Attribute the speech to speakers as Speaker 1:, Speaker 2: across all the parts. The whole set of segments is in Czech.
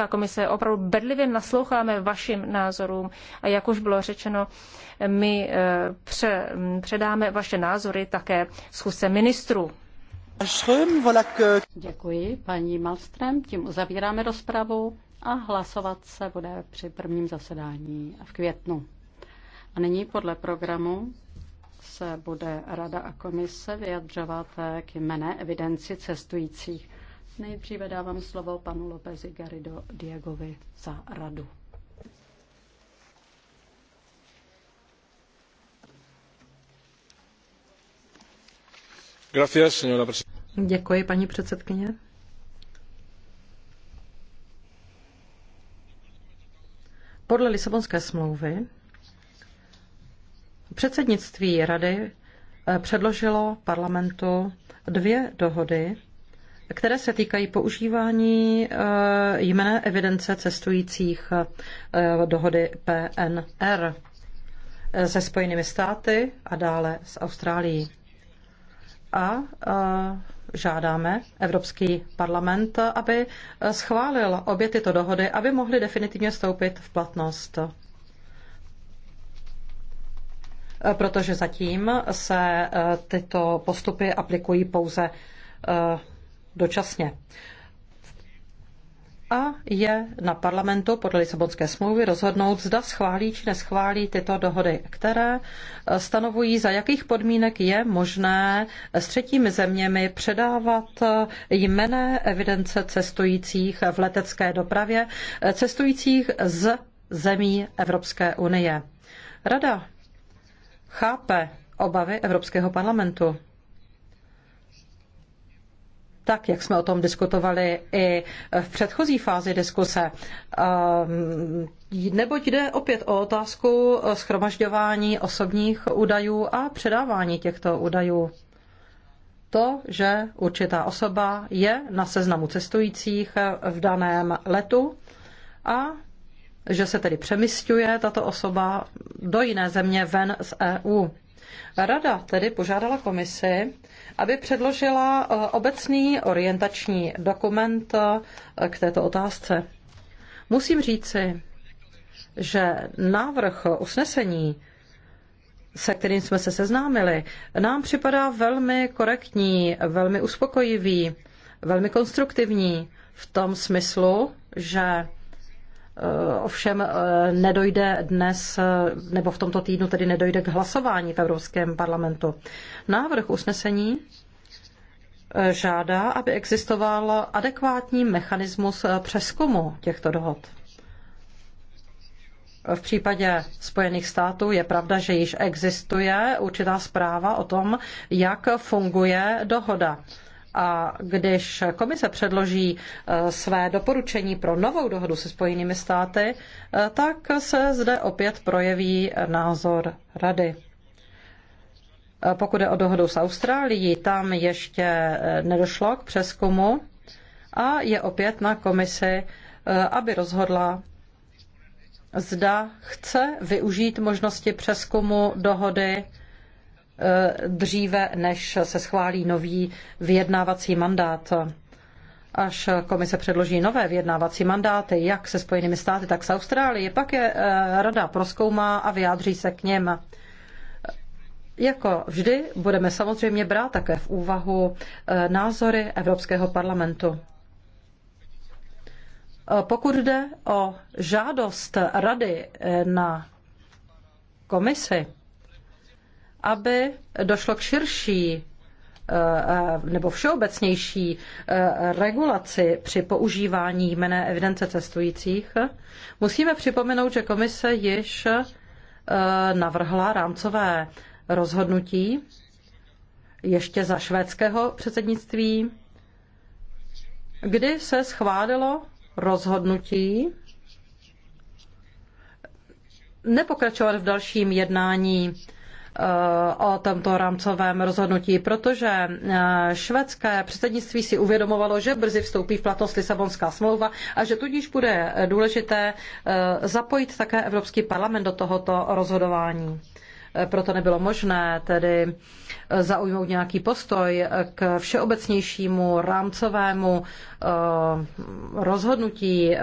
Speaker 1: Evropská komise opravdu bedlivě nasloucháme vašim názorům a jak už bylo řečeno, my eh, pře, předáme vaše názory také schůzce ministrů. Děkuji, paní Malstrem. Tím uzavíráme rozpravu
Speaker 2: a hlasovat se bude při prvním zasedání v květnu. A nyní podle programu se bude Rada a komise vyjadřovat k jmené evidenci cestujících. Nejdříve dávám slovo panu Lopezi Garido Diegovi za radu.
Speaker 3: Děkuji, paní předsedkyně. Podle Lisabonské smlouvy předsednictví Rady eh, předložilo parlamentu dvě dohody které se týkají používání eh, jmené evidence cestujících eh, dohody PNR eh, se Spojenými státy a dále s Austrálií. A žádáme Evropský parlament, aby schválil obě tyto dohody, aby mohly definitivně vstoupit v platnost. Protože zatím se tyto postupy aplikují pouze dočasně. A je na parlamentu podle Lisabonské smlouvy rozhodnout, zda schválí či neschválí tyto dohody, které eh, stanovují, za jakých podmínek je možné s třetími zeměmi předávat eh, jmené evidence cestujících v letecké dopravě, eh, cestujících z zemí Evropské unie. Rada chápe obavy Evropského parlamentu tak jak jsme o tom diskutovali i v předchozí fázi diskuse, ehm, neboť jde opět o otázku schromažďování osobních údajů a předávání těchto údajů. To, že určitá osoba je na seznamu cestujících v daném letu a že se tedy přemysťuje tato osoba do jiné země ven z EU. Rada tedy požádala komisi, aby předložila eh, obecný orientační dokument eh, k této otázce. Musím říci, že návrh usnesení, se kterým jsme se seznámili, nám připadá velmi korektní, velmi uspokojivý, velmi konstruktivní v tom smyslu, že Eh, ovšem eh, nedojde dnes, eh, nebo v tomto týdnu tedy nedojde k hlasování v Evropském parlamentu. Návrh usnesení žádá, aby existoval adekvátní mechanismus přeskumu těchto dohod. V případě Spojených států je pravda, že již existuje určitá zpráva o tom, jak funguje dohoda. A když komise předloží e, své doporučení pro novou dohodu se Spojenými státy, e, tak se zde opět projeví názor Rady. E, pokud je o dohodu s Austrálií, tam ještě nedošlo k přeskumu a je opět na komisi, aby rozhodla, zda chce využít možnosti přeskumu dohody Eh, dříve, než se schválí nový vyjednávací mandát. Až komise předloží nové vyjednávací mandáty, jak se Spojenými státy, tak s Austrálií, pak je eh, rada proskoumá a vyjádří se k něm. Jako vždy budeme samozřejmě brát také v úvahu eh, názory Evropského parlamentu. Pokud jde o žádost rady na komisi, aby došlo k širší eh, eh, nebo všeobecnější eh, regulaci při používání jmené evidence cestujících, musíme připomenout, že komise již navrhla rámcové rozhodnutí ještě za švédského předsednictví, kdy se schválilo rozhodnutí nepokračovat v dalším jednání Eh, o tomto rámcovém rozhodnutí, protože eh, švédské předsednictví si uvědomovalo, že brzy vstoupí v platnost Lisabonská smlouva a že tudíž bude důležité eh, zapojit také Evropský parlament do tohoto rozhodování. Proto nebylo možné tedy zaujmout nějaký postoj k všeobecnějšímu rámcovému eh, rozhodnutí eh,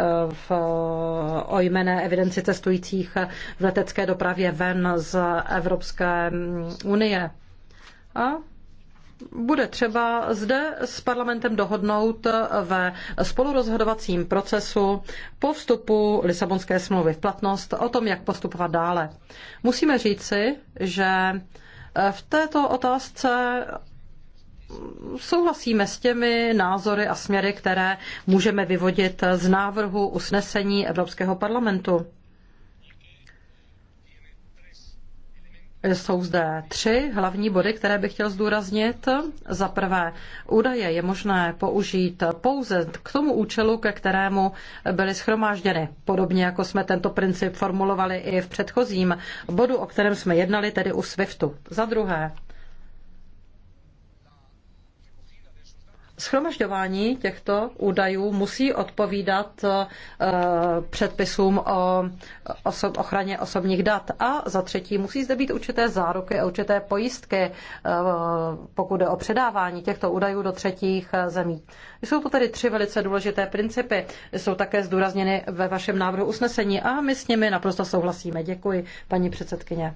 Speaker 3: v, o jmené evidenci cestujících v letecké dopravě ven z Evropské unie. A bude třeba zde s parlamentem dohodnout ve spolurozhodovacím procesu po vstupu Lisabonské smlouvy v platnost o tom, jak postupovat dále. Musíme říci, že v této otázce souhlasíme s těmi názory a směry, které můžeme vyvodit z návrhu usnesení Evropského parlamentu. Jsou zde tři hlavní body, které bych chtěl zdůraznit. Za prvé, údaje je možné použít pouze k tomu účelu, ke kterému byly schromážděny. Podobně jako jsme tento princip formulovali i v předchozím bodu, o kterém jsme jednali, tedy u SWIFTu. Za druhé, Schromažďování těchto údajů musí odpovídat eh, předpisům o osob, ochraně osobních dat. A za třetí, musí zde být určité záruky a určité pojistky, eh, pokud jde o předávání těchto údajů do třetích eh, zemí. Jsou to tedy tři velice důležité principy. Jsou také zdůrazněny ve vašem návrhu usnesení a my s nimi naprosto souhlasíme. Děkuji, paní předsedkyně.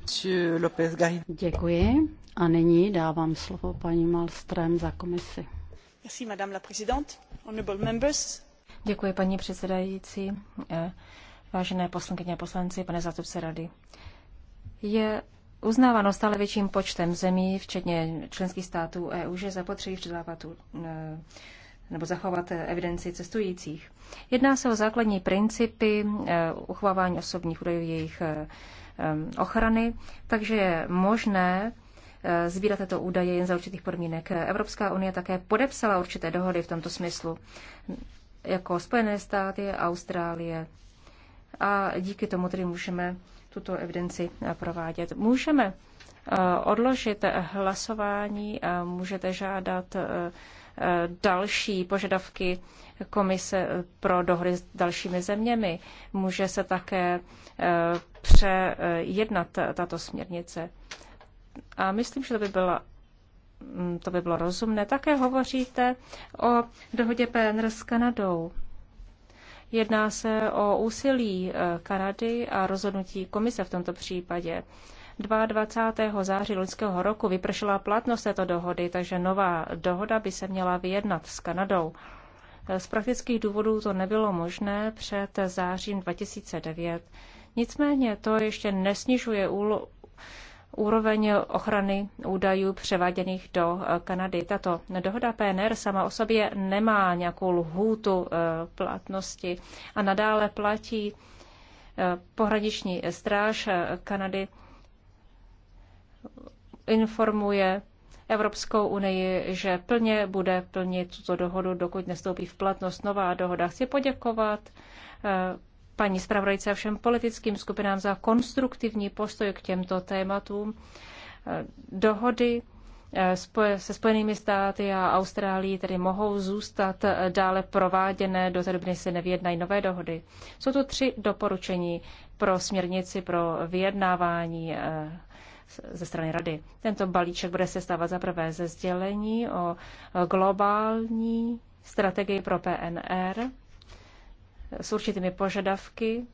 Speaker 2: Děkuji. A nyní dávám slovo paní Malstrem za komisi.
Speaker 1: Děkuji, paní předsedající, eh, vážené poslankyně a poslanci, pane zástupce rady. Je uznáváno stále větším počtem zemí, včetně členských států EU, že zapotřebí předávat eh, nebo zachovat evidenci cestujících. Jedná se o základní principy eh, uchovávání osobních údajů jejich ochrany, takže je možné Eh, sbírat tyto údaje jen za určitých podmínek. Evropská unie také podepsala určité dohody v tomto smyslu, jako Spojené státy, Austrálie. A díky tomu tedy můžeme tuto evidenci eh, provádět. Můžeme eh, odložit hlasování a můžete žádat další požadavky komise pro dohody s dalšími zeměmi. Může se také přejednat tato směrnice a myslím, že to by bylo mm, to by bylo rozumné. Také hovoříte o dohodě PNR s Kanadou. Jedná se o úsilí eh, Kanady a rozhodnutí komise v tomto případě. 22. září loňského roku vypršela platnost této dohody, takže nová dohoda by se měla vyjednat s Kanadou. Eh, z praktických důvodů to nebylo možné před zářím 2009. Nicméně to ještě nesnižuje úlohu úroveň ochrany údajů převáděných do eh, Kanady. Tato dohoda PNR sama o sobě nemá nějakou lhůtu eh, platnosti a nadále platí eh, pohraniční stráž Kanady informuje Evropskou unii, že plně bude plnit tuto dohodu, dokud nestoupí v platnost nová dohoda. Chci poděkovat paní zpravodajce a všem politickým skupinám za konstruktivní postoj k těmto tématům. Dohody eh, se Spojenými státy a Austrálií tedy mohou zůstat eh, dále prováděné, do té doby se nevyjednají nové dohody. Jsou to tři doporučení pro směrnici pro vyjednávání eh, ze strany Rady. Tento balíček bude se stávat za prvé ze sdělení o globální strategii pro PNR, s určitými požadavky,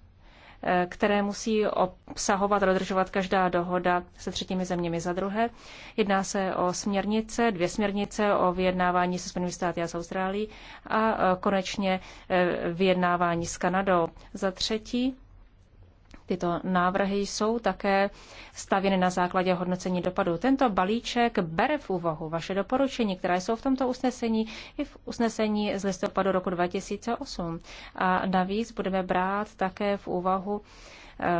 Speaker 1: eh, které musí obsahovat a dodržovat každá dohoda se třetími zeměmi za druhé. Jedná se o směrnice, dvě směrnice o vyjednávání se Spojenými státy a s Austrálií a eh, konečně eh, vyjednávání s Kanadou. Za třetí Tyto návrhy jsou také stavěny na základě hodnocení dopadu. Tento balíček bere v úvahu vaše doporučení, která jsou v tomto usnesení i v usnesení z listopadu roku 2008. A navíc budeme brát také v úvahu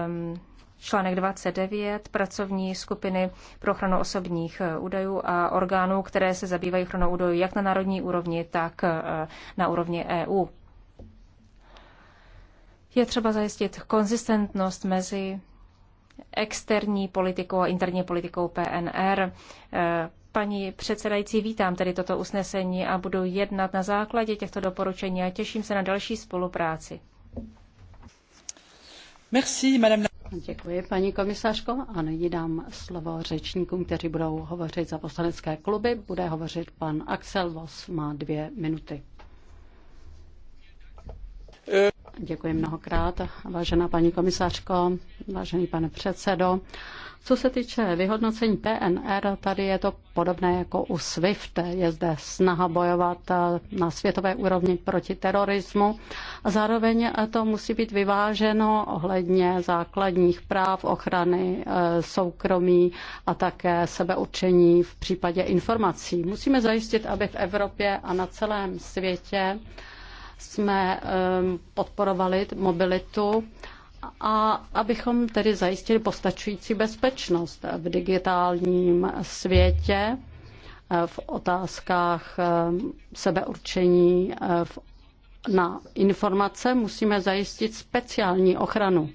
Speaker 1: um, článek 29 pracovní skupiny pro ochranu osobních e, údajů a orgánů, které se zabývají ochranou údajů jak na národní úrovni, tak e, na úrovni EU. Je třeba zajistit konzistentnost mezi externí politikou a interní politikou PNR. Eh, paní předsedající, vítám tedy toto usnesení a budu jednat na základě těchto doporučení a těším se na další spolupráci.
Speaker 2: Merci, madame Děkuji, paní komisařko. A nyní dám slovo řečníkům, kteří budou hovořit za poslanecké kluby. Bude hovořit pan Axel Vos, má dvě minuty. Děkuji mnohokrát, vážená paní komisařko, vážený pane předsedo. Co se týče vyhodnocení PNR, tady je to podobné jako u SWIFT. Je zde snaha bojovat na světové úrovni proti terorismu a zároveň to musí být vyváženo ohledně základních práv, ochrany eh, soukromí a také sebeurčení v případě informací. Musíme zajistit, aby v Evropě a na celém světě jsme podporovali mobilitu a abychom tedy zajistili postačující bezpečnost v digitálním světě, v otázkách sebeurčení na informace, musíme zajistit speciální ochranu.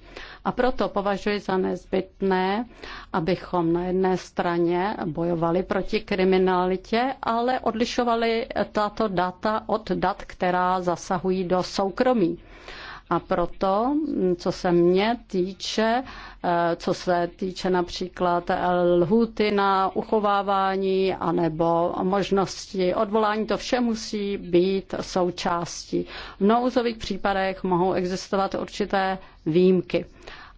Speaker 2: A proto považuji za nezbytné, abychom na jedné straně bojovali proti kriminalitě, ale odlišovali tato data od dat, která zasahují do soukromí. A proto, co se mě týče, eh, co se týče například lhuty na uchovávání anebo možnosti odvolání, to vše musí být součástí. V nouzových případech mohou existovat určité výjimky.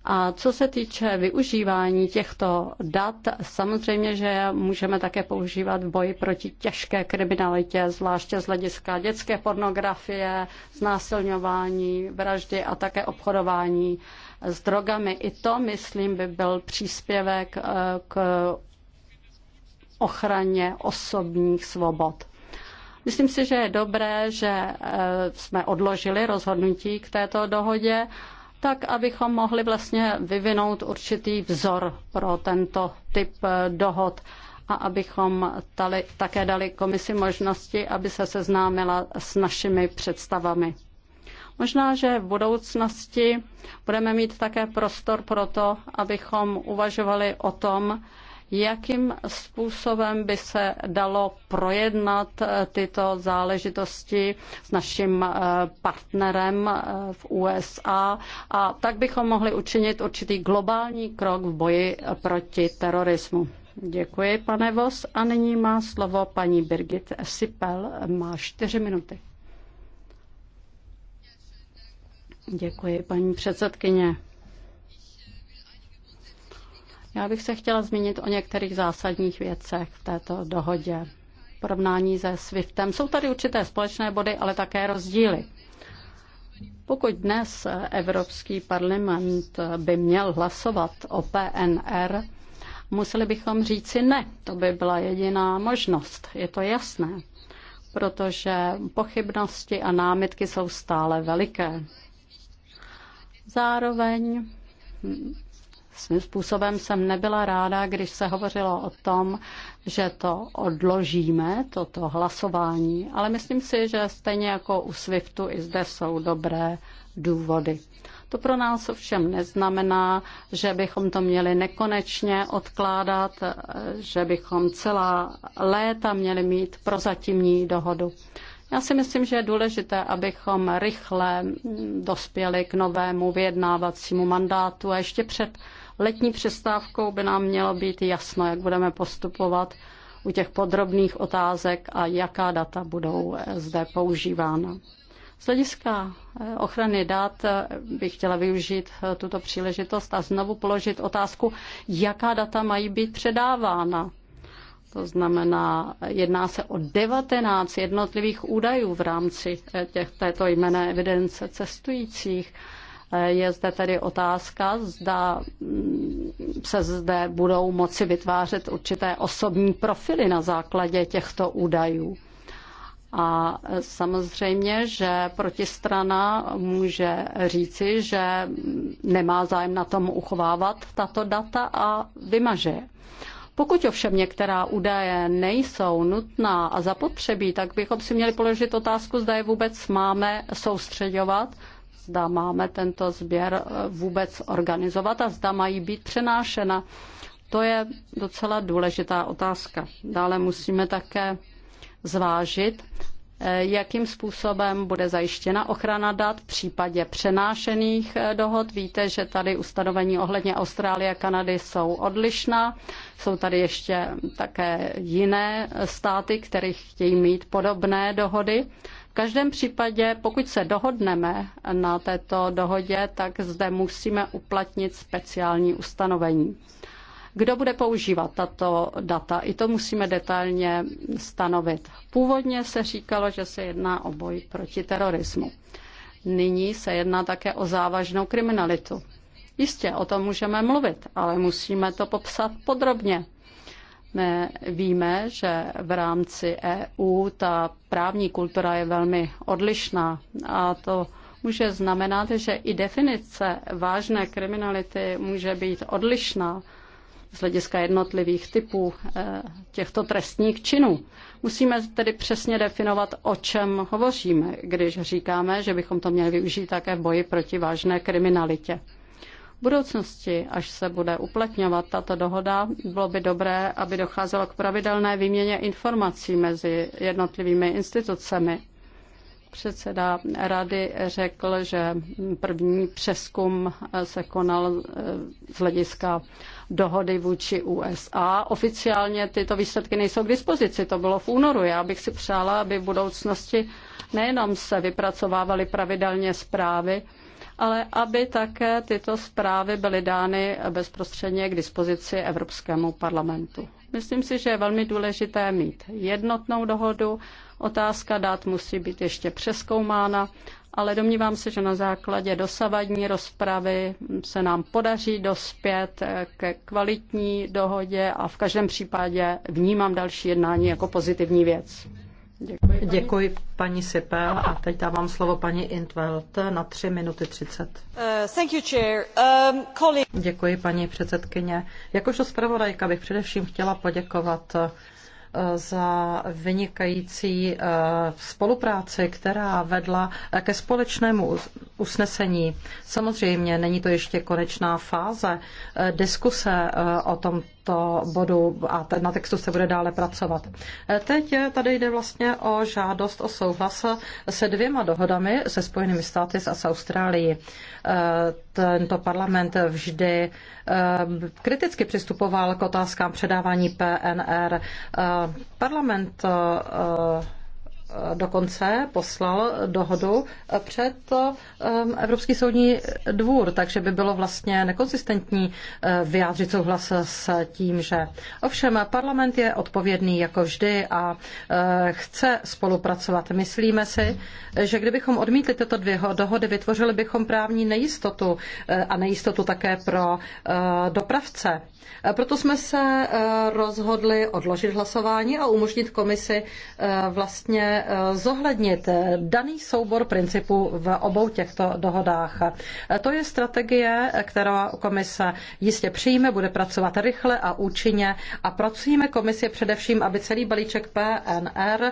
Speaker 2: A co se týče využívání těchto dat, samozřejmě, že můžeme také používat v boji proti těžké kriminalitě, zvláště z hlediska dětské pornografie, znásilňování, vraždy a také obchodování s drogami. I to, myslím, by byl příspěvek eh, k ochraně osobních svobod. Myslím si, že je dobré, že eh, jsme odložili rozhodnutí k této dohodě tak abychom mohli vlastně vyvinout určitý vzor pro tento typ eh, dohod a abychom tali, také dali komisi možnosti, aby se seznámila s našimi představami. Možná, že v budoucnosti budeme mít také prostor pro to, abychom uvažovali o tom, jakým způsobem by se dalo projednat eh, tyto záležitosti s naším eh, partnerem eh, v USA a tak bychom mohli učinit určitý globální krok v boji proti terorismu. Děkuji, pane Vos. A nyní má slovo paní Birgit Sipel. Má čtyři minuty. Děkuji, paní předsedkyně. Já bych se chtěla zmínit o některých zásadních věcech v této dohodě. V porovnání se SWIFTem jsou tady určité společné body, ale také rozdíly. Pokud dnes Evropský parlament by měl hlasovat o PNR, museli bychom říci ne. To by byla jediná možnost. Je to jasné, protože pochybnosti a námitky jsou stále veliké. Zároveň Svým způsobem jsem nebyla ráda, když se hovořilo o tom, že to odložíme, toto hlasování, ale myslím si, že stejně jako u SWIFTu i zde jsou dobré důvody. To pro nás ovšem neznamená, že bychom to měli nekonečně odkládat, že bychom celá léta měli mít prozatímní dohodu. Já si myslím, že je důležité, abychom rychle dospěli k novému vyjednávacímu mandátu a ještě před letní přestávkou by nám mělo být jasno, jak budeme postupovat u těch podrobných otázek a jaká data budou eh, zde používána. Z hlediska eh, ochrany dat eh, bych chtěla využít tuto příležitost a znovu položit otázku, jaká data mají být předávána. To znamená, jedná se o 19 jednotlivých údajů v rámci těch, této jmené evidence cestujících. Je zde tedy otázka, zda mm, se zde budou moci vytvářet určité osobní profily na základě těchto údajů. A samozřejmě, že protistrana může říci, že nemá zájem na tom uchovávat tato data a vymaže je. Pokud ovšem některá údaje nejsou nutná a zapotřebí, tak bychom si měli položit otázku, zda je vůbec máme soustředovat zda máme tento sběr eh, vůbec organizovat a zda mají být přenášena. To je docela důležitá otázka. Dále musíme také zvážit, eh, jakým způsobem bude zajištěna ochrana dat v případě přenášených eh, dohod. Víte, že tady ustanovení ohledně Austrálie a Kanady jsou odlišná. Jsou tady ještě také jiné státy, které chtějí mít podobné dohody každém případě, pokud se dohodneme na této dohodě, tak zde musíme uplatnit speciální ustanovení. Kdo bude používat tato data? I to musíme detailně stanovit. Původně se říkalo, že se jedná o boj proti terorismu. Nyní se jedná také o závažnou kriminalitu. Jistě, o tom můžeme mluvit, ale musíme to popsat podrobně. My víme, že v rámci EU ta právní kultura je velmi odlišná a to může znamenat, že i definice vážné kriminality může být odlišná z hlediska jednotlivých typů eh, těchto trestních činů. Musíme tedy přesně definovat, o čem hovoříme, když říkáme, že bychom to měli využít také v boji proti vážné kriminalitě budoucnosti, až se bude uplatňovat tato dohoda, bylo by dobré, aby docházelo k pravidelné výměně informací mezi jednotlivými institucemi. Předseda rady řekl, že první přeskum se konal eh, z hlediska dohody vůči USA. Oficiálně tyto výsledky nejsou k dispozici, to bylo v únoru. Já bych si přála, aby v budoucnosti nejenom se vypracovávaly pravidelně zprávy, ale aby také tyto zprávy byly dány bezprostředně k dispozici Evropskému parlamentu. Myslím si, že je velmi důležité mít jednotnou dohodu. Otázka dát musí být ještě přeskoumána, ale domnívám se, že na základě dosavadní rozpravy se nám podaří dospět ke kvalitní dohodě a v každém případě vnímám další jednání jako pozitivní věc. Děkuji, Děkuji paní Sipel a teď dávám slovo paní Intveld na 3 minuty 30.
Speaker 3: Uh, you, um, colleague... Děkuji paní předsedkyně. Jakožto zpravodajka bych především chtěla poděkovat uh, za vynikající uh, spolupráci, která vedla uh, ke společnému usnesení. Samozřejmě není to ještě konečná fáze diskuse o tom tomto bodu a na textu se bude dále pracovat. E, teď tady jde vlastně o žádost o souhlas se dvěma dohodami se Spojenými státy a s Austrálií. E, tento parlament vždy e, kriticky přistupoval k otázkám předávání PNR. Parlament dokonce poslal dohodu před um, Evropský soudní dvůr, takže by bylo vlastně nekonsistentní uh, vyjádřit souhlas s tím, že ovšem parlament je odpovědný jako vždy a uh, chce spolupracovat. Myslíme si, že kdybychom odmítli tyto dvě dohody, vytvořili bychom právní nejistotu uh, a nejistotu také pro dopravce. Eh, proto jsme se eh, rozhodli odložit hlasování a umožnit komisi eh, vlastně zohlednit daný soubor principů v obou těchto dohodách. To je strategie, kterou komise jistě přijme, bude pracovat rychle a účinně a pracujeme komisi především, aby celý balíček PNR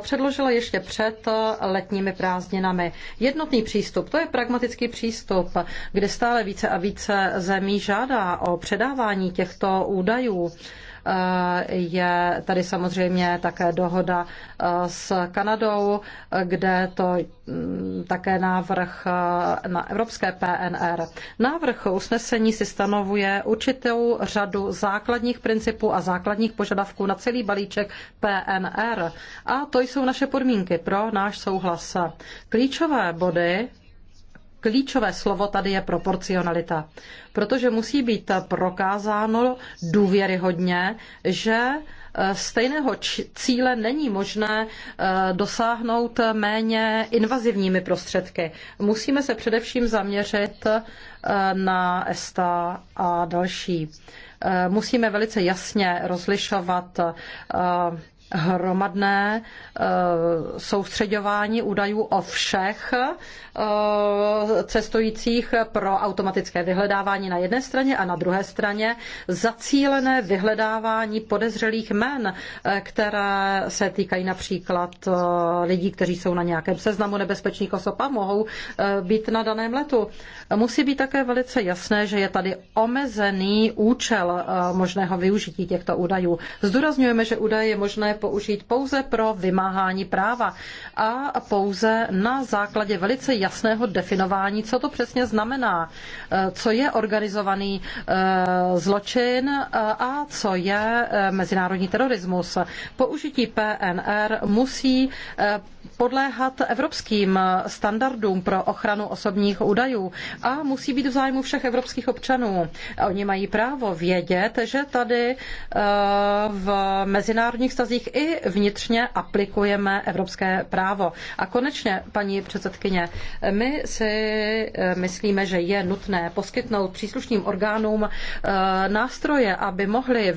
Speaker 3: předložila ještě před letními prázdninami. Jednotný přístup, to je pragmatický přístup, kde stále více a více zemí žádá o předávání získání těchto údajů. Eh, je tady samozřejmě také dohoda eh, s Kanadou, kde to mm, také návrh eh, na evropské PNR. Návrh usnesení si stanovuje určitou řadu základních principů a základních požadavků na celý balíček PNR. A to jsou naše podmínky pro náš souhlas. Klíčové body klíčové slovo tady je proporcionalita, protože musí být prokázáno důvěryhodně, že eh, stejného cíle není možné eh, dosáhnout méně invazivními prostředky. Musíme se především zaměřit eh, na ESTA a další. Musíme velice jasně rozlišovat hromadné soustředování údajů o všech Eh, cestujících pro automatické vyhledávání na jedné straně a na druhé straně zacílené vyhledávání podezřelých jmen, eh, které se týkají například eh, lidí, kteří jsou na nějakém seznamu nebezpečných osob a mohou být na daném letu. Musí být také velice jasné, že je tady omezený účel možného využití těchto údajů. Zdůrazňujeme, že údaje je možné použít pouze pro vymáhání práva a pouze na základě velice jasné jasného definování, co to přesně znamená, eh, co je organizovaný eh, zločin eh, a co je mezinárodní terorismus. Použití PNR musí podléhat evropským standardům pro ochranu osobních údajů a musí být v zájmu všech evropských občanů. Oni mají právo vědět, že tady eh, v mezinárodních stazích i vnitřně aplikujeme evropské právo. A konečně, paní předsedkyně, my si eh, myslíme, že je nutné poskytnout příslušným orgánům eh, nástroje, aby mohli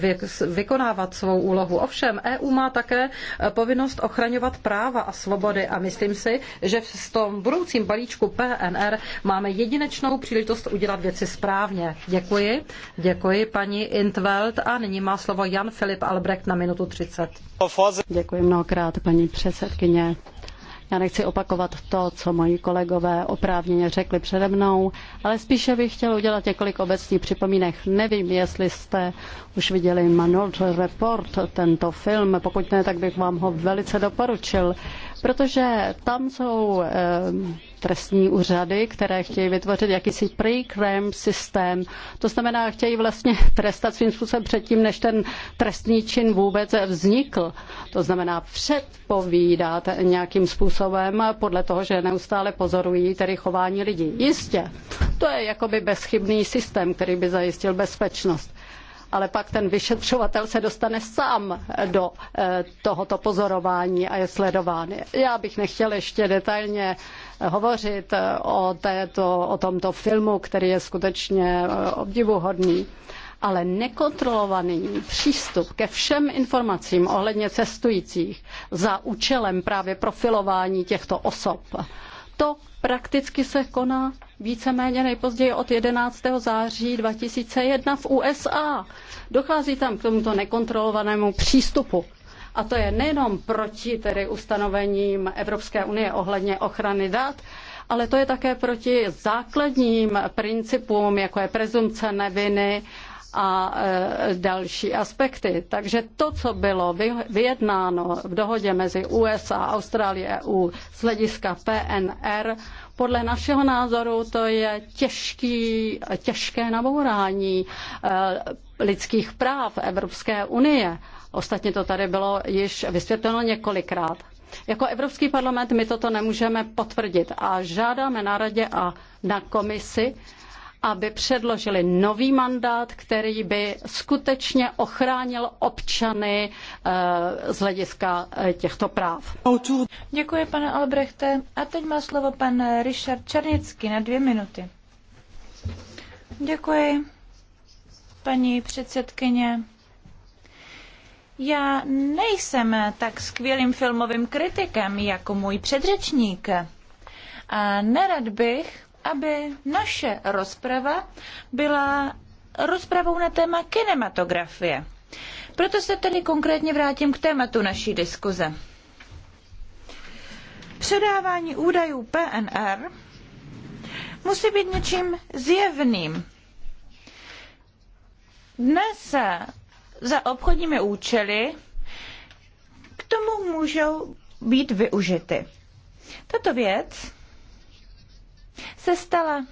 Speaker 3: vykonávat svou úlohu. Ovšem, EU má také povinnost ochraňovat práva a svobody dohody a myslím si, že v tom budoucím balíčku PNR máme jedinečnou příležitost udělat věci správně. Děkuji. Děkuji paní Intveld a nyní má slovo Jan Filip Albrecht na minutu 30.
Speaker 2: Děkuji mnohokrát, paní předsedkyně. Já nechci opakovat to, co moji kolegové oprávněně řekli přede mnou, ale spíše bych chtěl udělat několik obecných připomínek. Nevím, jestli jste už viděli Manol Report, tento film. Pokud ne, tak bych vám ho velice doporučil protože tam jsou eh, trestní úřady, které chtějí vytvořit jakýsi pre-crime systém. To znamená, chtějí vlastně trestat svým způsobem předtím, než ten trestný čin vůbec vznikl. To znamená předpovídat nějakým způsobem podle toho, že neustále pozorují tedy chování lidí. Jistě, to je jakoby bezchybný systém, který by zajistil bezpečnost ale pak ten vyšetřovatel se dostane sám do eh, tohoto pozorování a je sledován. Já bych nechtěl ještě detailně hovořit eh, o, této, o tomto filmu, který je skutečně eh, obdivuhodný ale nekontrolovaný přístup ke všem informacím ohledně cestujících za účelem právě profilování těchto osob, to prakticky se koná víceméně nejpozději od 11. září 2001 v USA. Dochází tam k tomuto nekontrolovanému přístupu. A to je nejenom proti tedy ustanovením Evropské unie ohledně ochrany dat, ale to je také proti základním principům, jako je prezumce neviny, a e, další aspekty. Takže to, co bylo vyjednáno v dohodě mezi USA, Austrálií, EU z hlediska PNR, podle našeho názoru to je těžký, těžké nabourání e, lidských práv Evropské unie. Ostatně to tady bylo již vysvětleno několikrát. Jako Evropský parlament my toto nemůžeme potvrdit a žádáme na radě a na komisi, aby předložili nový mandát, který by skutečně ochránil občany eh, z hlediska eh, těchto práv. Děkuji, pane Albrechte. A teď má slovo pan Richard Černický na dvě minuty.
Speaker 4: Děkuji, paní předsedkyně. Já nejsem tak skvělým filmovým kritikem jako můj předřečník. A nerad bych aby naše rozprava byla rozpravou na téma kinematografie. Proto se tedy konkrétně vrátím k tématu naší diskuze. Předávání údajů PNR musí být něčím zjevným. Dnes za obchodními účely k tomu můžou být využity. Tato věc se stala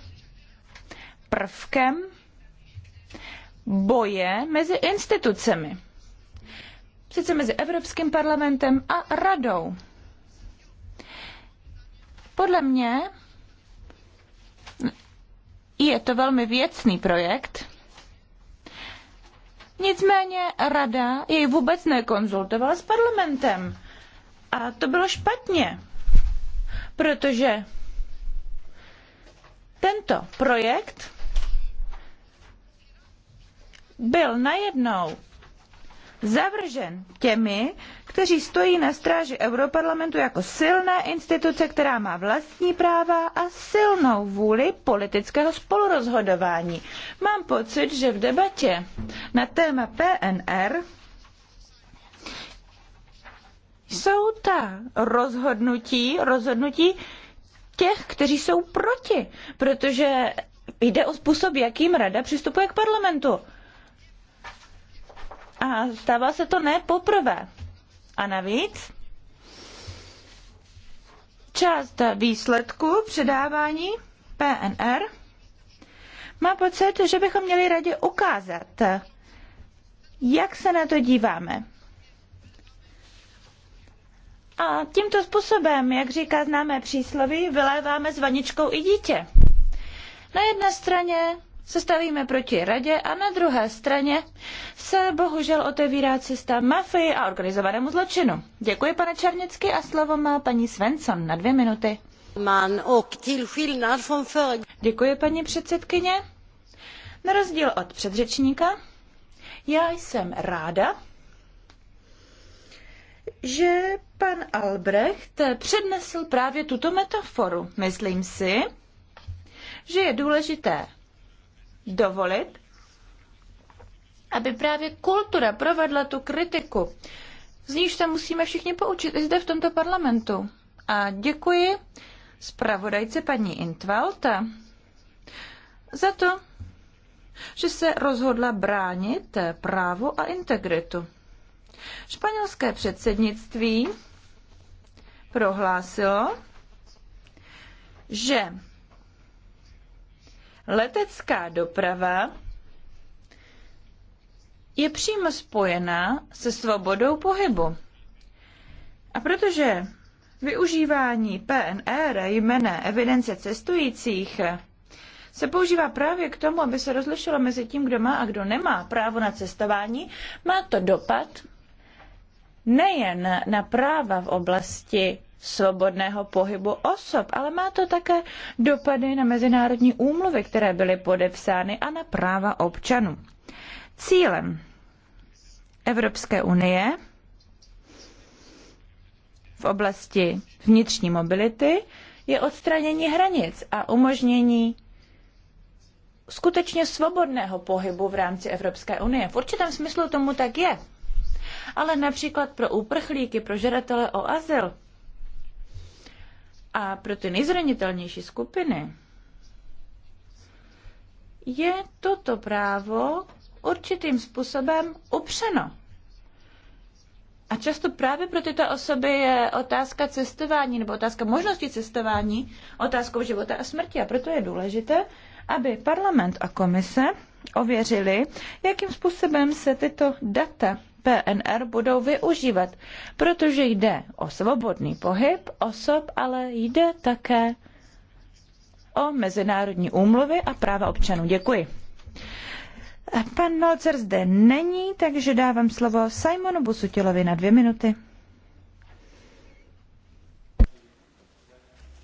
Speaker 4: prvkem boje mezi institucemi. Sice mezi Evropským parlamentem a radou. Podle mě je to velmi věcný projekt, nicméně rada jej vůbec nekonzultovala s parlamentem. A to bylo špatně, protože tento projekt byl najednou zavržen těmi, kteří stojí na stráži Europarlamentu jako silné instituce, která má vlastní práva a silnou vůli politického spolurozhodování. Mám pocit, že v debatě na téma PNR jsou ta rozhodnutí, rozhodnutí, těch, kteří jsou proti, protože jde o způsob, jakým rada přistupuje k parlamentu. A stává se to ne poprvé. A navíc část výsledku předávání PNR má pocit, že bychom měli radě ukázat, jak se na to díváme. A tímto způsobem, jak říká známé přísloví, vyléváme s vaničkou i dítě. Na jedné straně se stavíme proti radě a na druhé straně se bohužel otevírá cesta mafii a organizovanému zločinu. Děkuji pane Černicky a slovo má paní Svensson na dvě minuty. Děkuji paní předsedkyně. Na rozdíl od předřečníka, já jsem ráda, že pan Albrecht přednesl právě tuto metaforu. Myslím si, že je důležité dovolit, aby právě kultura provedla tu kritiku. Z níž se musíme všichni poučit i zde v tomto parlamentu. A děkuji zpravodajce paní Intvalta za to, že se rozhodla bránit právo a integritu. Španělské předsednictví prohlásilo, že letecká doprava je přímo spojená se svobodou pohybu. A protože využívání PNR jména evidence cestujících se používá právě k tomu, aby se rozlišilo mezi tím, kdo má a kdo nemá právo na cestování, má to dopad nejen na práva v oblasti svobodného pohybu osob, ale má to také dopady na mezinárodní úmluvy, které byly podepsány a na práva občanů. Cílem Evropské unie v oblasti vnitřní mobility je odstranění hranic a umožnění skutečně svobodného pohybu v rámci Evropské unie. V určitém smyslu tomu tak je ale například pro úprchlíky, pro žadatele o azyl a pro ty nejzranitelnější skupiny je toto právo určitým způsobem upřeno. A často právě pro tyto osoby je otázka cestování nebo otázka možnosti cestování otázkou života a smrti. A proto je důležité, aby parlament a komise ověřili, jakým způsobem se tyto data PNR budou využívat, protože jde o svobodný pohyb osob, ale jde také o mezinárodní úmluvy a práva občanů. Děkuji. Pan Nolcer zde není, takže dávám slovo Simonu Busutilovi na dvě minuty.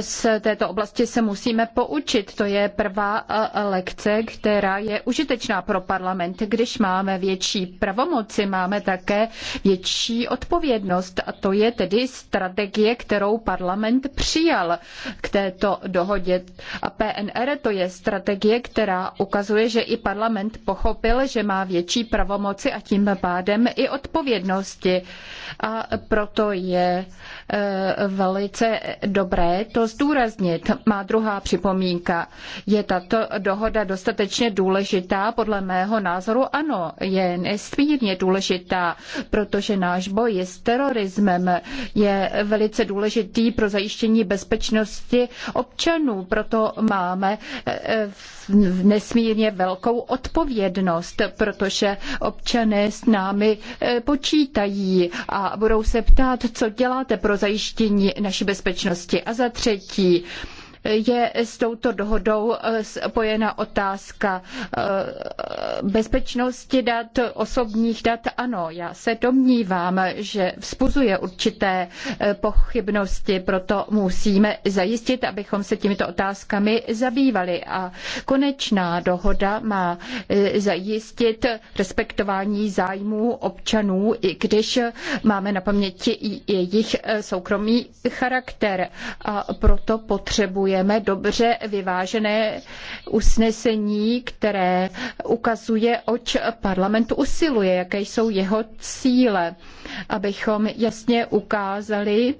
Speaker 5: z této oblasti se musíme poučit. To je prvá eh, lekce, která je užitečná pro parlament. Když máme větší pravomoci, máme také větší odpovědnost. A to je tedy strategie, kterou parlament přijal k této dohodě. A PNR to je strategie, která ukazuje, že i parlament pochopil, že má větší pravomoci a tím pádem i odpovědnosti. A proto je eh, velice dobré dobré to zdůraznit. Má druhá připomínka. Je tato dohoda dostatečně důležitá? Podle mého názoru ano, je nesmírně důležitá, protože náš boj s terorismem je velice důležitý pro zajištění bezpečnosti občanů. Proto máme eh, nesmírně velkou odpovědnost, protože občané s námi eh, počítají a budou se ptát, co děláte pro zajištění naší bezpečnosti a za třetí je s touto dohodou eh, spojena otázka eh, bezpečnosti dat, osobních dat. Ano, já se domnívám, že vzbuzuje určité eh, pochybnosti, proto musíme zajistit, abychom se těmito otázkami zabývali. A konečná dohoda má zajistit respektování zájmů občanů, i když máme na paměti i jejich soukromý charakter. A proto potřebuje potřebujeme dobře vyvážené usnesení, které ukazuje, oč parlament usiluje, jaké jsou jeho cíle, abychom jasně ukázali,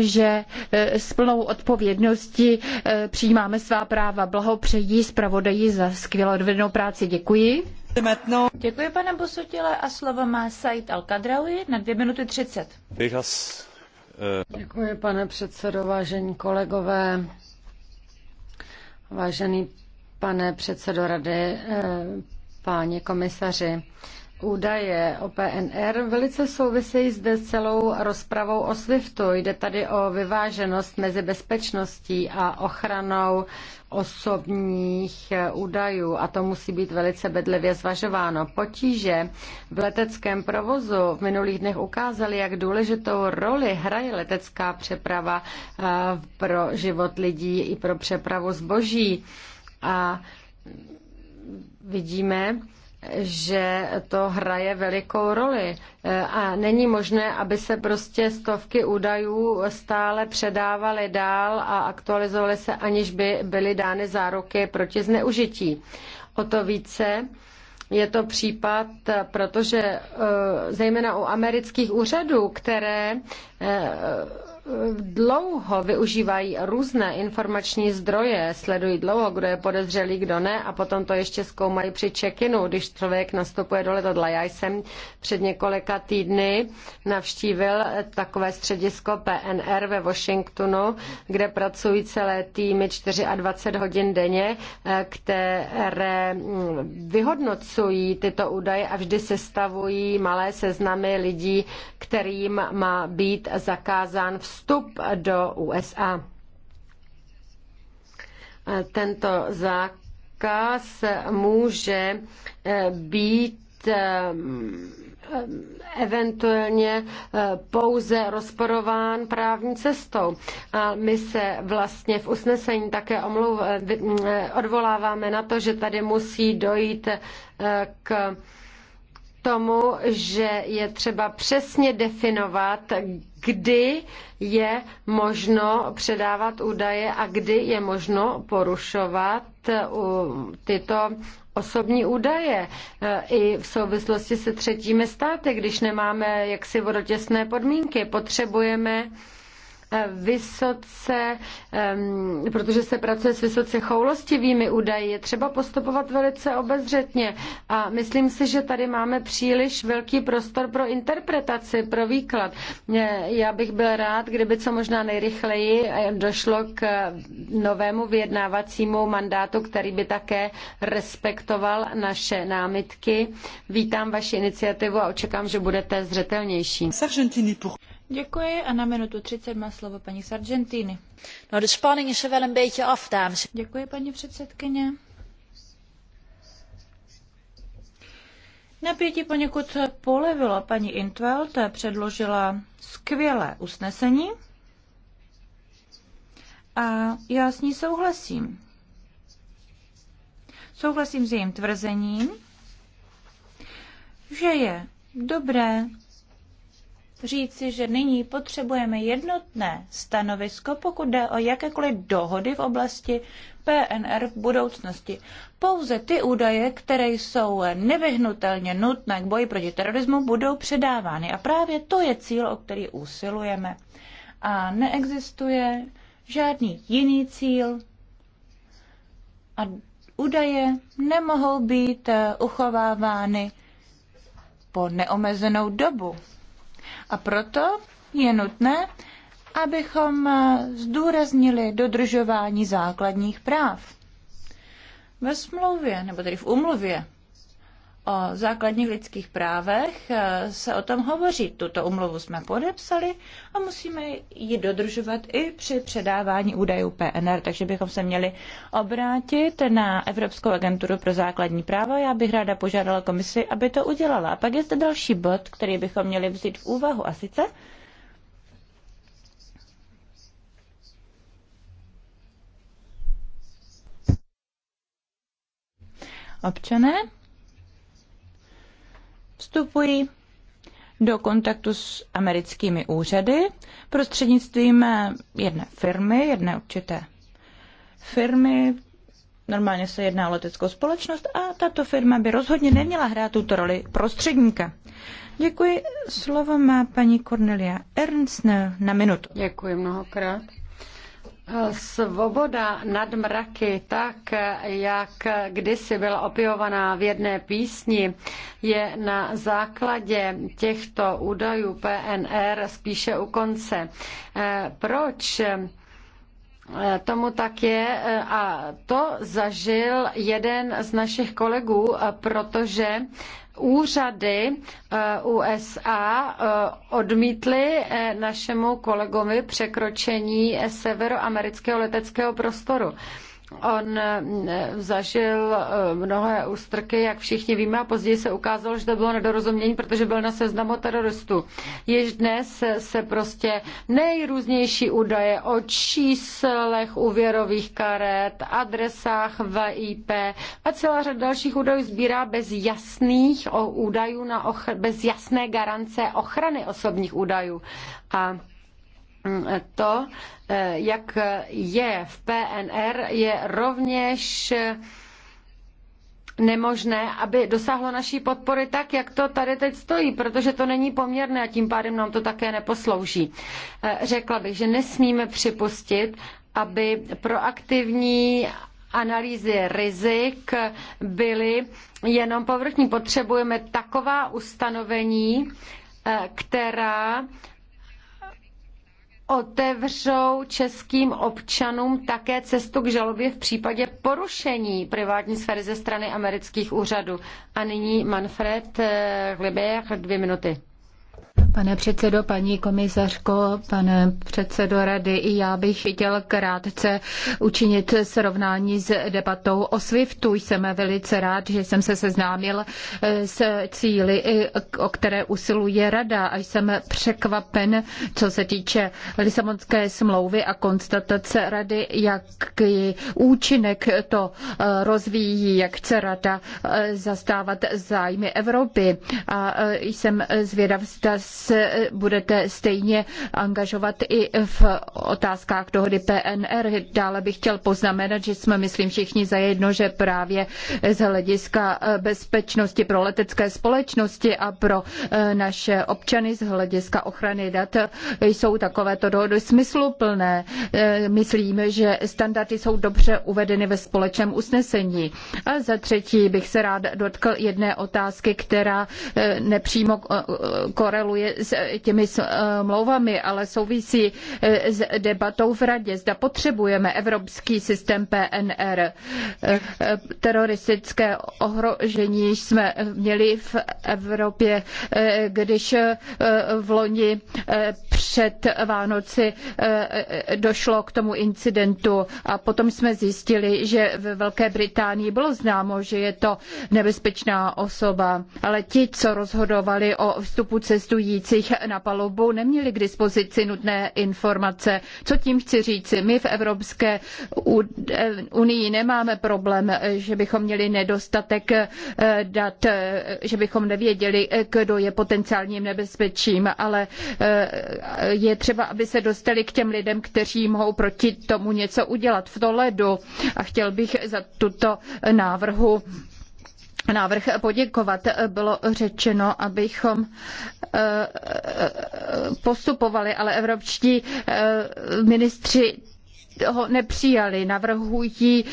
Speaker 5: že e, s plnou odpovědností e, přijímáme svá práva. Blahopřeji zpravodaji za skvěle odvedenou práci. Děkuji.
Speaker 4: Děkuji, pane Bosotile, a slovo má Said Al-Kadraoui
Speaker 6: na 2 minuty 30. E, Děkuji, pane předsedo, vážení kolegové. Vážený pane předsedo rady, eh, páni komisaři, údaje o PNR velice souvisejí zde s celou rozpravou o SWIFTu. Jde tady o vyváženost mezi bezpečností a ochranou osobních údajů a to musí být velice bedlivě zvažováno. Potíže v leteckém provozu v minulých dnech ukázaly, jak důležitou roli hraje letecká přeprava eh, pro život lidí i pro přepravu zboží. A vidíme, že to hraje velikou roli e, a není možné, aby se prostě stovky údajů stále předávaly dál a aktualizovaly se, aniž by byly dány záruky proti zneužití. O to více je to případ, protože e, zejména u amerických úřadů, které e, dlouho využívají různé informační zdroje, sledují dlouho, kdo je podezřelý, kdo ne a potom to ještě zkoumají při check-inu, když člověk nastupuje do letadla. Já jsem před několika týdny navštívil takové středisko PNR ve Washingtonu, kde pracují celé týmy 24 hodin denně, eh, které mm, vyhodnocují tyto údaje a vždy sestavují malé seznamy lidí, kterým má být zakázán vstup vstup do USA. Tento zákaz může eh, být eh, eventuálně eh, pouze rozporován právní cestou. A my se vlastně v usnesení také omluv, odvoláváme na to, že tady musí dojít k tomu, že je třeba přesně definovat, kdy je možno předávat údaje a kdy je možno porušovat uh, tyto osobní údaje uh, i v souvislosti se třetími státy, když nemáme jaksi vodotěsné podmínky. Potřebujeme vysoce, protože se pracuje s vysoce choulostivými údaji, je třeba postupovat velice obezřetně. A myslím si, že tady máme příliš velký prostor pro interpretaci, pro výklad. Já bych byl rád, kdyby co možná nejrychleji došlo k novému vyjednávacímu mandátu, který by také respektoval naše námitky. Vítám vaši iniciativu a očekám, že budete zřetelnější.
Speaker 4: Děkuji a na minutu 30 má slovo paní Sargentini. No, de spanning is er wel een beetje af, dames. Děkuji, paní předsedkyně. Napětí poněkud polevilo. Paní Intveld předložila skvělé usnesení a já s ní souhlasím. Souhlasím s jejím tvrzením, že je dobré říci, že nyní potřebujeme jednotné stanovisko, pokud jde o jakékoliv dohody v oblasti PNR v budoucnosti. Pouze ty údaje, které jsou nevyhnutelně nutné k boji proti terorismu, budou předávány. A právě to je cíl, o který usilujeme. A neexistuje žádný jiný cíl. A údaje nemohou být uchovávány po neomezenou dobu. A proto je nutné, abychom eh, zdůraznili dodržování základních práv. Ve smlouvě, nebo tedy v umluvě o základních lidských právech e, se o tom hovoří. Tuto umluvu jsme podepsali a musíme ji dodržovat i při předávání údajů PNR, takže bychom se měli obrátit na Evropskou agenturu pro základní práva. Já bych ráda požádala komisi, aby to udělala. A pak je zde další bod, který bychom měli vzít v úvahu a sice občané vstupují do kontaktu s americkými úřady prostřednictvím jedné firmy, jedné určité firmy. Normálně se jedná o leteckou společnost a tato firma by rozhodně neměla hrát tuto roli prostředníka. Děkuji. Slovo má paní Cornelia Ernst na minutu.
Speaker 6: Děkuji mnohokrát. Svoboda nad mraky, tak jak kdysi byla opěvovaná v jedné písni, je na základě těchto údajů PNR spíše u konce. Proč tomu tak je a to zažil jeden z našich kolegů, protože úřady eh, USA eh, odmítly eh, našemu kolegovi překročení severoamerického leteckého prostoru. On eh, zažil eh, mnohé ústrky, jak všichni víme, a později se ukázalo, že to bylo nedorozumění, protože byl na seznamu teroristů. Již dnes se prostě nejrůznější údaje o číslech úvěrových karet, adresách VIP a celá řada dalších údajů sbírá bez jasných údajů, na ochr- bez jasné garance ochrany osobních údajů. A to, eh, jak je v PNR, je rovněž nemožné, aby dosáhlo naší podpory tak, jak to tady teď stojí, protože to není poměrné a tím pádem nám to také neposlouží. Eh, řekla bych, že nesmíme připustit, aby proaktivní analýzy rizik byly jenom povrchní. Potřebujeme taková ustanovení, eh, která otevřou českým občanům také cestu k žalobě v případě porušení privátní sféry ze strany amerických úřadů. A nyní Manfred eh, Liber, dvě minuty.
Speaker 5: Pane předsedo, paní komisařko, pane předsedo rady, i já bych chtěl krátce učinit srovnání s debatou o SWIFTu. Jsem velice rád, že jsem se seznámil eh, s cíly, o které usiluje rada a jsem překvapen, co se týče Lisabonské smlouvy a konstatace rady, jaký účinek to eh, rozvíjí, jak chce rada eh, zastávat zájmy Evropy. A jsem zvědav, zda se eh, budete stejně angažovat i v otázkách dohody PNR. Dále bych chtěl poznamenat, že jsme, myslím, všichni zajedno, že právě z hlediska eh, bezpečnosti pro letecké společnosti a pro eh, naše občany z hlediska ochrany dat jsou takovéto dohody smysluplné. Myslím, že standardy jsou dobře uvedeny ve společném usnesení. A za třetí bych se rád dotkl jedné otázky, která nepřímo koreluje je s eh, těmi smlouvami, eh, ale souvisí eh, s debatou v radě. Zda potřebujeme evropský systém PNR. Teroristické ohrožení jsme měli v Evropě, když v loni před Vánoci došlo k tomu incidentu a potom jsme zjistili, že ve Velké Británii bylo známo, že je to nebezpečná osoba, ale ti, co rozhodovali o vstupu cestujících, přijíždějících na palubu neměli k dispozici nutné informace. Co tím chci říci? My v Evropské unii nemáme problém, že bychom měli nedostatek eh, dat, eh, že bychom nevěděli, eh, kdo je potenciálním nebezpečím, ale je třeba, aby se dostali k těm lidem, kteří mohou proti tomu něco udělat v Toledu. A chtěl bych za tuto návrhu návrh poděkovat. Bylo řečeno, abychom eh, eh, postupovali, ale evropští eh, ministři ho nepřijali. Navrhují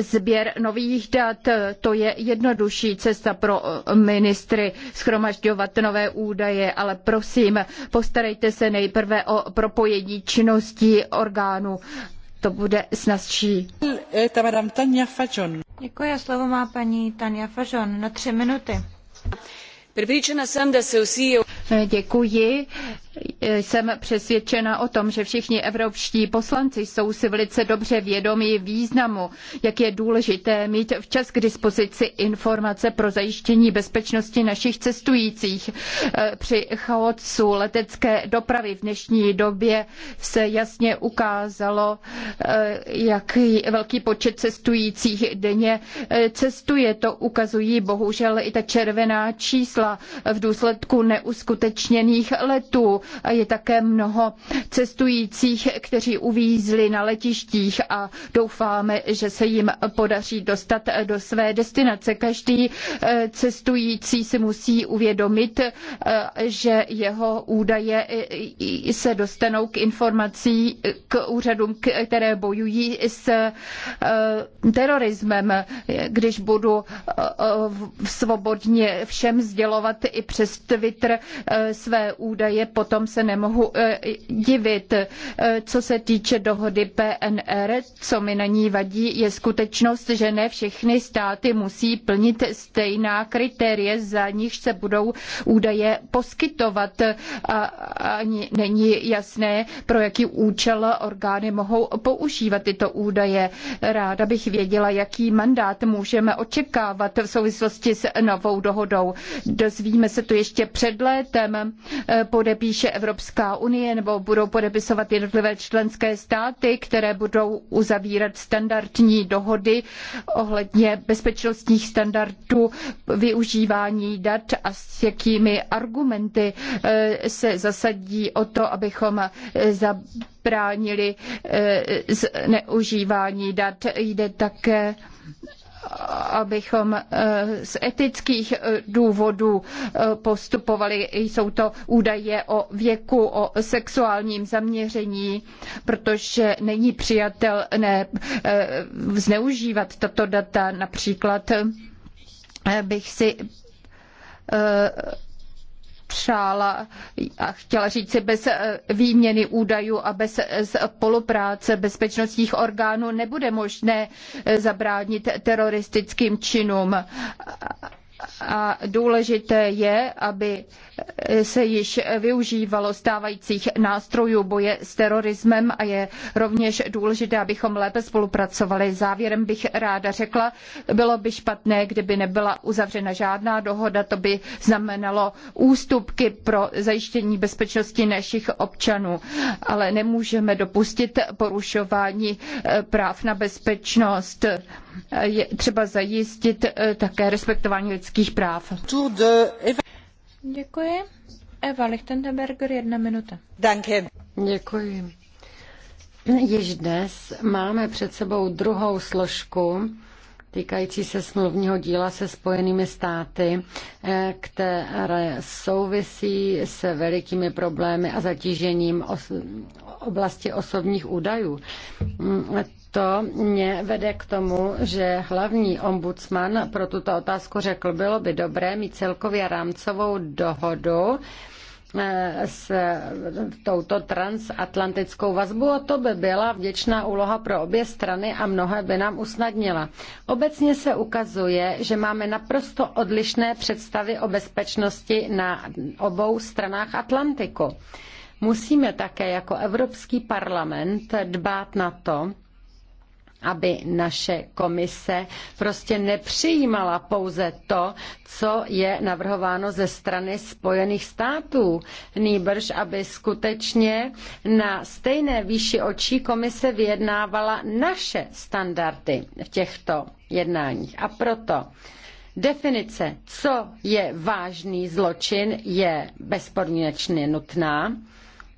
Speaker 5: sběr nových dat. To je jednodušší cesta pro ministry schromažďovat nové údaje, ale prosím, postarejte se nejprve o propojení činností orgánů to bude snazší.
Speaker 4: Děkuji slovo má paní na tři minuty.
Speaker 5: No, děkuji. Jsem přesvědčena o tom, že všichni evropští poslanci jsou si velice dobře vědomi významu, jak je důležité mít včas k dispozici informace pro zajištění bezpečnosti našich cestujících. E, při chaosu letecké dopravy v dnešní době se jasně ukázalo, e, jak velký počet cestujících denně e, cestuje. To ukazují bohužel i ta červená čísla v důsledku neuskutečněných letů je také mnoho cestujících, kteří uvízli na letištích a doufáme, že se jim podaří dostat do své destinace. Každý eh, cestující si musí uvědomit, eh, že jeho údaje eh, se dostanou k informací k úřadům, které bojují s terorismem. Když budu svobodně všem sdělovat i přes Twitter své údaje, potom potom se nemohu eh, divit. Eh, co se týče dohody PNR, co mi na ní vadí, je skutečnost, že ne všechny státy musí plnit stejná kritérie, za nichž se budou údaje poskytovat. A ani není jasné, pro jaký účel orgány mohou používat tyto údaje. Ráda bych věděla, jaký mandát můžeme očekávat v souvislosti s novou dohodou. Dozvíme se to ještě před létem, eh, podepíše podepíše Evropská unie nebo budou podepisovat jednotlivé členské státy, které budou uzavírat standardní dohody ohledně bezpečnostních standardů využívání dat a s jakými argumenty eh, se zasadí o to, abychom eh, zabránili eh, zneužívání dat. Jde také abychom eh, z etických eh, důvodů eh, postupovali. Jsou to údaje o věku, o sexuálním zaměření, protože není přijatelné zneužívat tato data. Například bych si přála a chtěla říci bez eh, výměny údajů a bez eh, spolupráce bezpečnostních orgánů nebude možné eh, zabránit teroristickým činům a důležité je, aby se již využívalo stávajících nástrojů boje s terorismem a je rovněž důležité, abychom lépe spolupracovali. Závěrem bych ráda řekla, bylo by špatné, kdyby nebyla uzavřena žádná dohoda, to by znamenalo ústupky pro zajištění bezpečnosti našich občanů, ale nemůžeme dopustit porušování práv na bezpečnost je třeba zajistit eh, také respektování lidských práv. Děkuji. Eva
Speaker 4: Lichtenberger, jedna minuta.
Speaker 6: Danke. Děkuji. Již dnes máme před sebou druhou složku týkající se smluvního díla se spojenými státy, eh, které souvisí s velikými problémy a zatížením oblasti osobních údajů. Mm, to mě vede k tomu, že hlavní ombudsman pro tuto otázku řekl, bylo by dobré mít celkově rámcovou dohodu, Eh, s eh, touto transatlantickou vazbu a to by byla vděčná úloha pro obě strany a mnohé by nám usnadnila. Obecně se ukazuje, že máme naprosto odlišné představy o bezpečnosti na obou stranách Atlantiku. Musíme také jako Evropský parlament dbát na to, aby naše komise prostě nepřijímala pouze to, co je navrhováno ze strany Spojených států. Nýbrž, aby skutečně na stejné výši očí komise vyjednávala naše standardy v těchto jednáních. A proto definice, co je vážný zločin, je bezpodmínečně nutná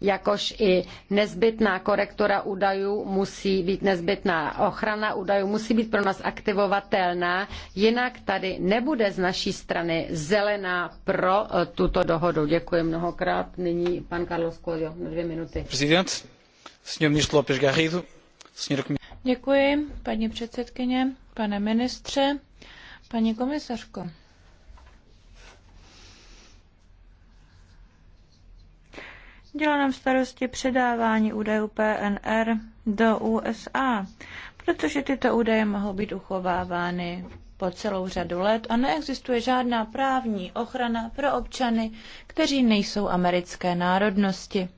Speaker 6: jakož i nezbytná korektura údajů musí být nezbytná. Ochrana údajů musí být pro nás aktivovatelná, jinak tady nebude z naší strany zelená pro eh, tuto dohodu. Děkuji mnohokrát. Nyní pan Carlos Coelho na dvě minuty.
Speaker 5: Prezident, sněm López Garrido, sněm...
Speaker 4: Děkuji, paní předsedkyně, pane ministře, paní komisařko. Dělá nám starosti předávání údajů PNR do USA, protože tyto údaje mohou být uchovávány po celou řadu let a neexistuje žádná právní ochrana pro občany, kteří nejsou americké národnosti.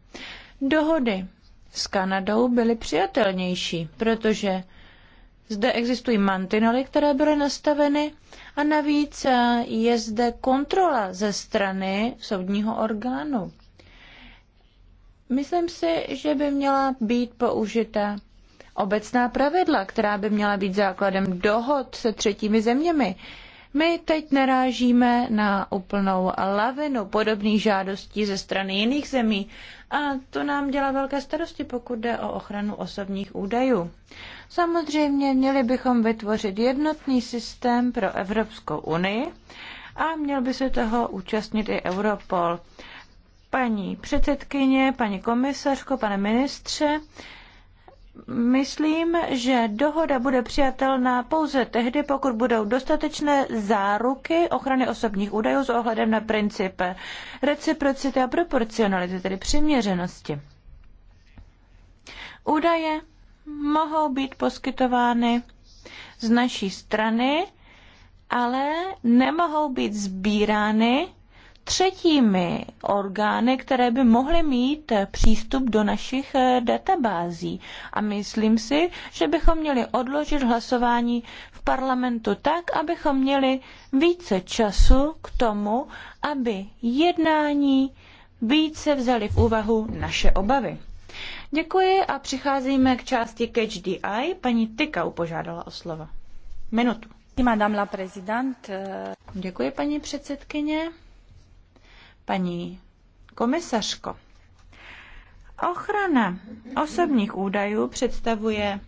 Speaker 4: Dohody s Kanadou byly přijatelnější, protože zde existují mantinely, které byly nastaveny a navíc je zde kontrola ze strany soudního orgánu. Myslím si, že by měla být použita obecná pravidla, která by měla být základem dohod se třetími zeměmi. My teď narážíme na úplnou lavinu podobných žádostí ze strany jiných zemí a to nám dělá velké starosti, pokud jde o ochranu osobních údajů. Samozřejmě měli bychom vytvořit jednotný systém pro Evropskou unii a měl by se toho účastnit i Europol. Paní předsedkyně, paní komisařko, pane ministře, Myslím, že dohoda bude přijatelná pouze tehdy, pokud budou dostatečné záruky ochrany osobních údajů s ohledem na princip reciprocity a proporcionality, tedy přiměřenosti. Údaje mohou být poskytovány z naší strany, ale nemohou být sbírány třetími orgány, které by mohly mít přístup do našich eh, databází. A myslím si, že bychom měli odložit hlasování v parlamentu tak, abychom měli více času k tomu, aby jednání více vzali v úvahu naše obavy. Děkuji a přicházíme k části Catch the Eye. Paní Tykau požádala o slovo. Minutu. Madame la Děkuji, paní předsedkyně. Paní komisařko, ochrana osobních údajů představuje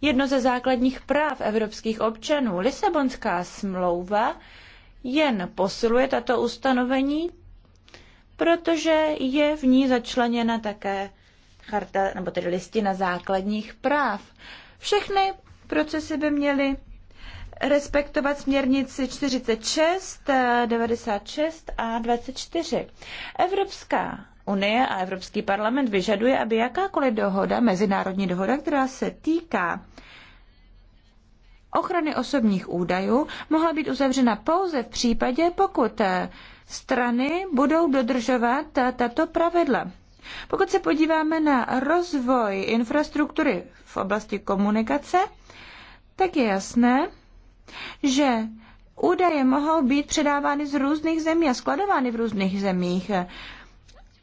Speaker 4: jedno ze základních práv evropských občanů. Lisabonská smlouva jen posiluje tato ustanovení, protože je v ní začleněna také charta, nebo tedy listina základních práv. Všechny procesy by měly respektovat směrnici 46, 96 a 24. Evropská Unie a Evropský parlament vyžaduje, aby jakákoliv dohoda, mezinárodní dohoda, která se týká ochrany osobních údajů, mohla být uzavřena pouze v případě, pokud strany budou dodržovat tato pravidla. Pokud se podíváme na rozvoj infrastruktury v oblasti komunikace, tak je jasné, že údaje mohou být předávány z různých zemí a skladovány v různých zemích.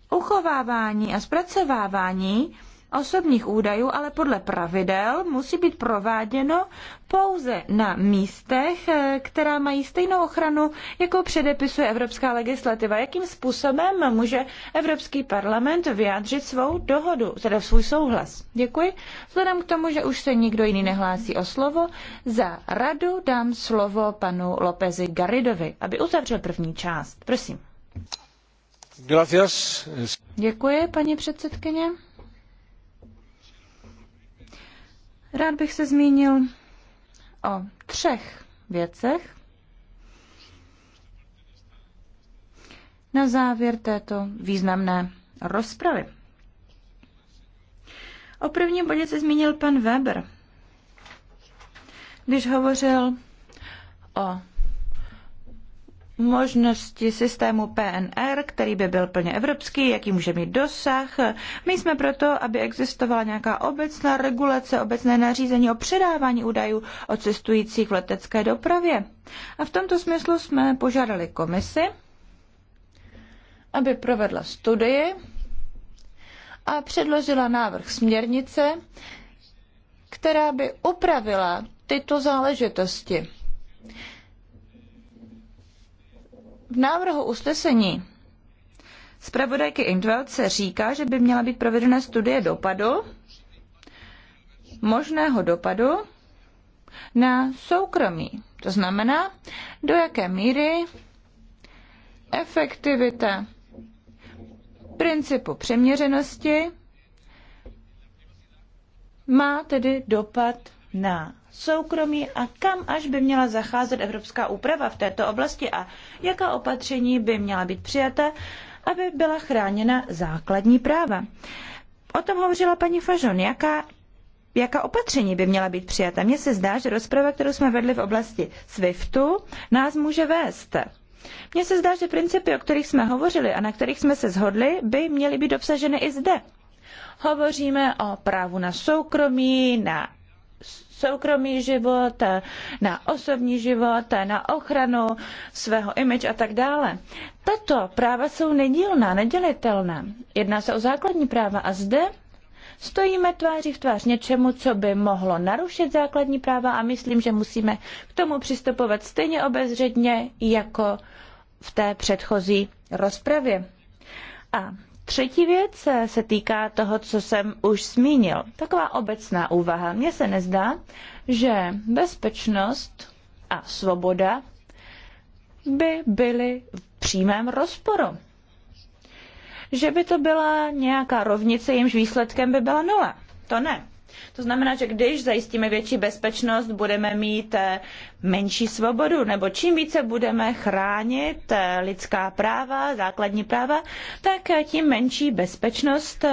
Speaker 4: Uchovávání a zpracovávání osobních údajů, ale podle pravidel musí být prováděno pouze na místech, eh, která mají stejnou ochranu, jako předepisuje evropská legislativa. Jakým způsobem může Evropský parlament vyjádřit svou dohodu, teda svůj souhlas? Děkuji. Vzhledem k tomu, že už se nikdo jiný nehlásí o slovo, za radu dám slovo panu Lopezi Garidovi, aby uzavřel první část. Prosím.
Speaker 5: Gracias.
Speaker 4: Děkuji, paní předsedkyně. Rád bych se zmínil o třech věcech. Na závěr této významné rozpravy. O prvním bodě se zmínil pan Weber, když hovořil o možnosti systému PNR, který by byl plně evropský, jaký může mít dosah. My jsme proto, aby existovala nějaká obecná regulace, obecné nařízení o předávání údajů o cestujících v letecké dopravě. A v tomto smyslu jsme požádali komisi, aby provedla studii a předložila návrh směrnice, která by upravila tyto záležitosti. V návrhu usnesení zpravodajky Intveld se říká, že by měla být provedena studie dopadu, možného dopadu na soukromí. To znamená, do jaké míry efektivita principu přeměřenosti má tedy dopad na soukromí a kam až by měla zacházet evropská úprava v této oblasti a jaká opatření by měla být přijata, aby byla chráněna základní práva. O tom hovořila paní Fažon. Jaká jaká opatření by měla být přijata. Mně se zdá, že rozprava, kterou jsme vedli v oblasti SWIFTu, nás může vést. Mně se zdá, že principy, o kterých jsme hovořili a na kterých jsme se zhodli, by měly být obsaženy i zde. Hovoříme o právu na soukromí, na soukromý život, na osobní život, na ochranu svého image a tak dále. Tato práva jsou nedílná, nedělitelná. Jedná se o základní práva a zde stojíme tváří v tvář něčemu, co by mohlo narušit základní práva a myslím, že musíme k tomu přistupovat stejně obezřetně jako v té předchozí rozpravě. A Třetí věc se týká toho, co jsem už zmínil. Taková obecná úvaha. Mně se nezdá, že bezpečnost a svoboda by byly v přímém rozporu. Že by to byla nějaká rovnice, jimž výsledkem by byla nula. To ne. To znamená, že když zajistíme větší bezpečnost, budeme mít eh, menší svobodu, nebo čím více budeme chránit eh, lidská práva, základní práva, tak eh, tím menší bezpečnost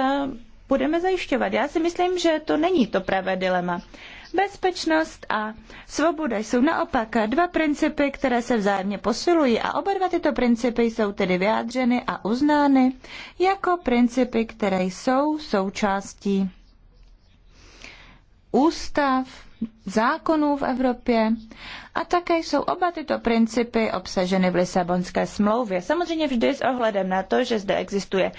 Speaker 4: budeme zajišťovat. Já si myslím, že to není to pravé dilema. Bezpečnost a svoboda jsou naopak dva principy, které se vzájemně posilují a oba dva tyto principy jsou tedy vyjádřeny a uznány jako principy, které jsou součástí ústav, zákonů v Evropě a také jsou oba tyto principy obsaženy v Lisabonské smlouvě. Samozřejmě vždy s ohledem na to, že zde existuje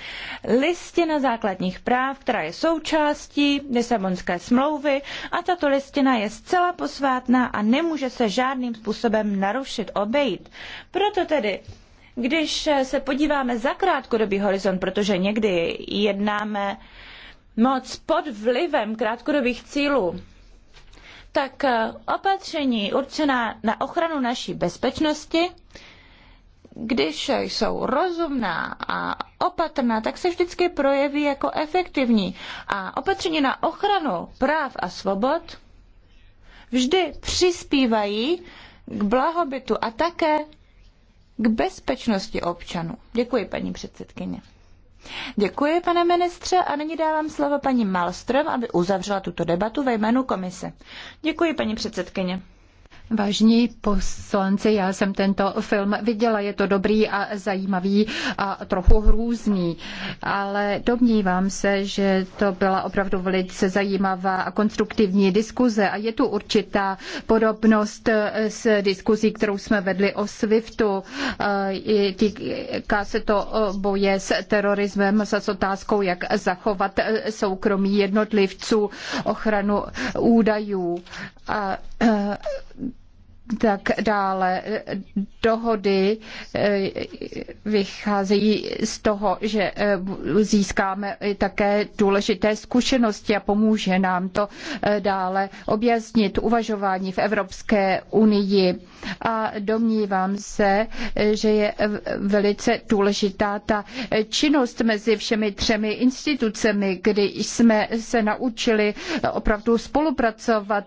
Speaker 4: listina základních práv, která je součástí Lisabonské smlouvy a tato listina je zcela posvátná a nemůže se žádným způsobem narušit, obejít. Proto tedy když se podíváme za krátkodobý horizont, protože někdy jednáme moc pod vlivem krátkodobých cílů, tak eh, opatření určená na ochranu naší bezpečnosti, když jsou rozumná a opatrná, tak se vždycky projeví jako efektivní. A opatření na ochranu práv a svobod vždy přispívají k blahobytu a také k bezpečnosti občanů. Děkuji, paní předsedkyně. Děkuji, pane ministře, a nyní dávám slovo paní Malström, aby uzavřela tuto debatu ve jménu komise. Děkuji, paní
Speaker 5: předsedkyně. Vážní poslanci, já jsem tento film viděla, je to dobrý a zajímavý a trochu hrůzný, ale domnívám se, že to byla opravdu velice zajímavá a konstruktivní diskuze a je tu určitá podobnost s diskuzí, kterou jsme vedli o SWIFTu. Týká se to boje s terorismem, s otázkou, jak zachovat e, soukromí jednotlivců, ochranu údajů. A, e, tak dále. Dohody eh, vycházejí z toho, že eh, získáme také důležité zkušenosti a pomůže nám to eh, dále objasnit uvažování v Evropské unii. A domnívám se, že je velice důležitá ta činnost mezi všemi třemi institucemi, kdy jsme se naučili opravdu spolupracovat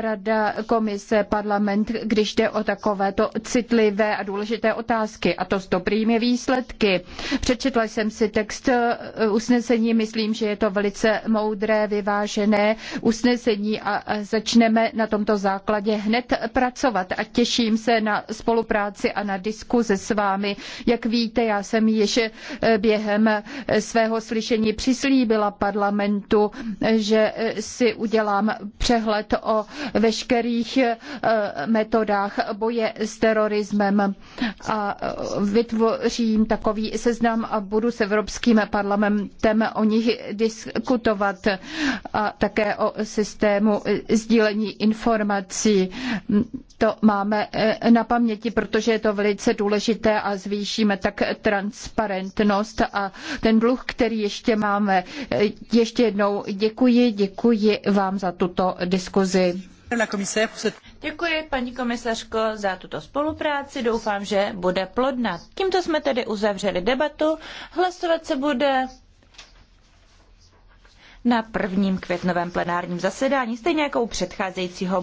Speaker 5: Rada, Komise, Parlament, parlament, když jde o takovéto citlivé a důležité otázky, a to s dobrými výsledky. Přečetla jsem si text eh, usnesení, myslím, že je to velice moudré, vyvážené usnesení a začneme na tomto základě hned pracovat a těším se na spolupráci a na diskuze s vámi. Jak víte, já jsem již eh, během eh, svého slyšení přislíbila parlamentu, že si udělám přehled o veškerých metodách boje s terorismem a vytvořím takový seznam a budu s Evropským parlamentem o nich diskutovat a také o systému sdílení informací. To máme eh, na paměti, protože je to velice důležité a zvýšíme tak transparentnost a ten dluh, který ještě máme. Eh, ještě jednou děkuji, děkuji vám za tuto diskuzi.
Speaker 4: Děkuji, paní komisařko, za tuto spolupráci. Doufám, že bude plodná. Tímto jsme tedy uzavřeli debatu. Hlasovat se bude na prvním květnovém plenárním zasedání, stejně jako u předcházejícího